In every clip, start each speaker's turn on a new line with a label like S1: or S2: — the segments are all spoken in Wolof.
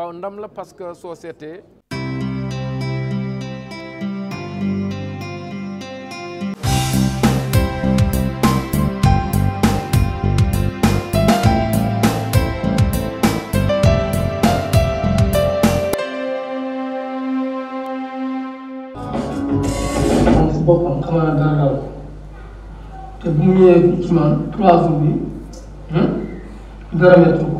S1: waaw ndam la parce que soo seetee boppam xam dara raw te bu ñu ñëwee ci man trois jours bi dara hmm, métti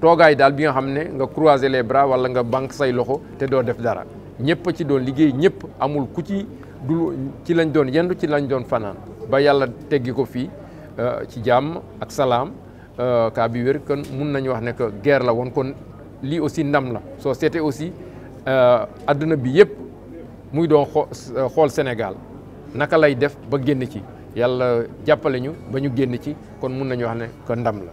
S1: toogaay daal bi nga xam ne nga croiser les bras wala nga banque say loxo te doo def dara ñëpp ci doon liggéey ñëpp amul ku ci du ci lañ doon yendu ci lañ doon fanaan ba yàlla teggi ko fii euh, ci jàmm ak salaam kaa euh, bi wér kon mun nañu wax ne que guerre la woon kon lii aussi ndam la soo seetee aussi àdduna euh, bi yëpp muy doon xool Sénégal naka lay def ba génn ci yàlla jàppale ñu ba ñu génn ci kon mun nañu wax ne que ndam la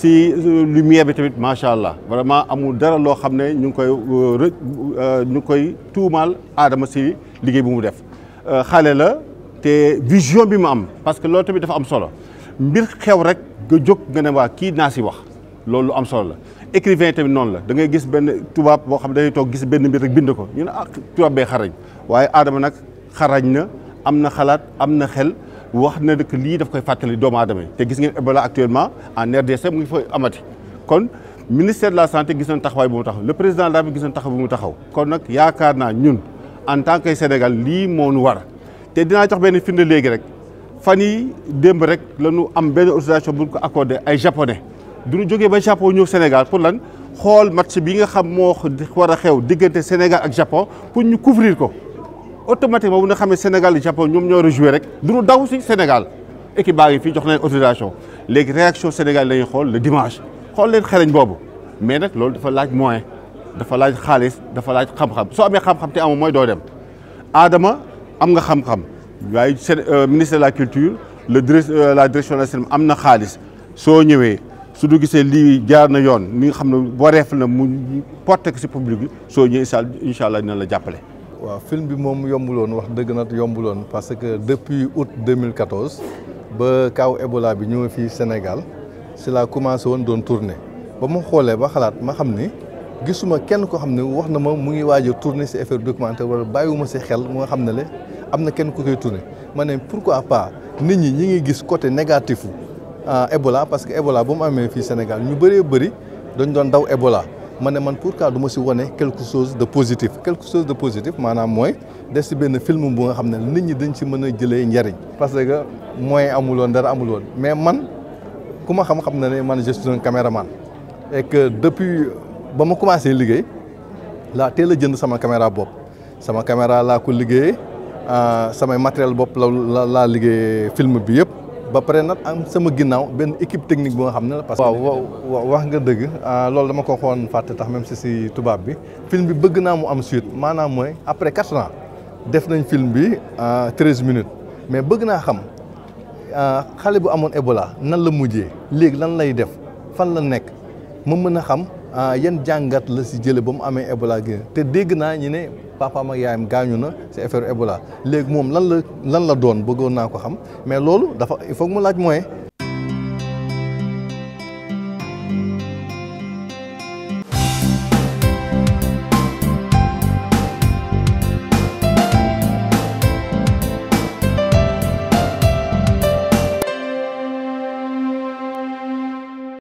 S2: si lumière bi tamit ma sha allah vraiment amul dara lo xamne ñu koy ñu ngi koy tuumaal adama si liggéey bu mu def xale la te vision bi mu am parce que lo tamit dafa am solo mbir xew rek ga jóg nga ne waa kii naa si wax lolu am solo la écrivain tamit non la da ngay gis ben tubaab bo xam ne dañuy toog gis ben mbir rek bind ko ñu ne ah be xarañ waye adama nak xarañ na amna na xalaat am xel wax na que lii daf koy fàttali doomu aadama yi te gis ngeen Ebola actuellement en RDC mu ngi fa amati kon ministère de la santé gis nañ taxawaay bu mu taxaw le président de la République gis nañ taxaw bu mu taxaw kon nag yaakaar naa ñun en tant que Sénégal lii moo nu war te dinaa jox benn firnde léegi rek fan yi démb rek la ñu am benn autorisation bu ko accordé ay japonais du ñu jógee ba Japon ñëw Sénégal pour lan xool match bi nga xam moo war a xew diggante Sénégal ak Japon pour ñu couvrir ko automatiquement bu nga xam ne Sénégal Japon ñom ñoo rejouer rek du ñu daw ci Sénégal équipe baa fi fii jox nañ autorisation légui réaction Sénégal lañuy xol le dimanche xol leen xereñ boobu mais nak loolu dafa laaj moyen dafa laaj xaliss dafa laaj xam-xam so amé xam-xam té am moy do dem Adama am nga xam-xam waaye euh, ministre de la culture le euh, la direction nationale amna xaliss so ñëwé su du gisee li jaar na yoon mi nga xam ne wareef na mu porte ko si public so soo ñëwee incha allah dina la jappalé
S3: waaw film bi moom yombuloon wax dëgg nag yombuloon parce que depuis août 2014 ba kaaw Ebola bi ñëw fii Sénégal si laa commencé woon doon tourner ba ma xoolee ba xalaat ma xam ni gisuma kenn ko xam ne wax na ma mu ngi waaj a tourner si effet documentaire wala bàyyiwuma si xel mu nga xam ne le am na kenn ku koy tourner ma ne pourquoi pas nit ñi ñi ngi gis côté négatif ah, Ebola parce que Ebola bu mu amee fii Sénégal ñu bëree bëri dañu doon daw Ebola. Je suis man si quelque chose de positif quelque chose de positif je suis dès si un film bu nga xam nit si parce que moi, mais man comment xam je suis un caméraman et que depuis ba ma commencé liggéey télé télé jënd caméra bopp sama caméra la ko ah, matériel bob, la la film ba pare nak am sama ginnaw ben équipe technique bo xamna la parce que wa wax nga deug ah, lolou dama ko xone fatte tax même si tuba bi film bi beug na mu am suite manam moy après 4 ans def nañ film bi 13 ah, minutes mais beug na xam xale ah, bu amone ebola nan la mujjé leg lan lay def fan la nek mu meuna xam Ah, yan jàngat la si jële ba mu amee Ebola gi te dégg naa ñu ne papaam ak yaayam gaañu na si affaire Ebola léegi moom lan la lan la doon bëggoon naa ko xam mais loolu dafa il faut mu laaj mooy